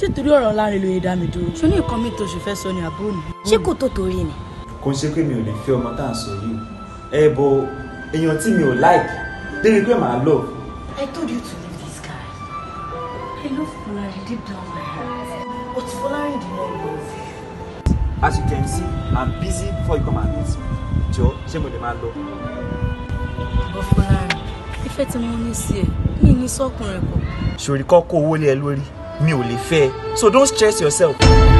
ṣé torí ọ̀rọ̀ láàrin ló yẹ dá mi dúró ṣó ní nǹkan mi tó ṣe fẹ́ sọ ni àbúrò mi. ṣé kò tó torí ni. kò ń ṣe pé mi ò lè fẹ́ ọmọ tá à ń sọ yìí ẹ bọ èèyàn tí mi ò like débi pé màá lọ. I told you to leave this guy I love you, deep down my heart but Fọlárin did not love you. As you can see I'm busy before you come and meet me jọ ṣé mo lè máa lọ. bàbá Fọlárin ìfẹ́ tí mo ní sí ẹ mi ní sọ́kùnrin kọ. ṣòrí kọ́ kó owó lé ẹ lórí mi ò lè fẹ́ so don't stress yourself.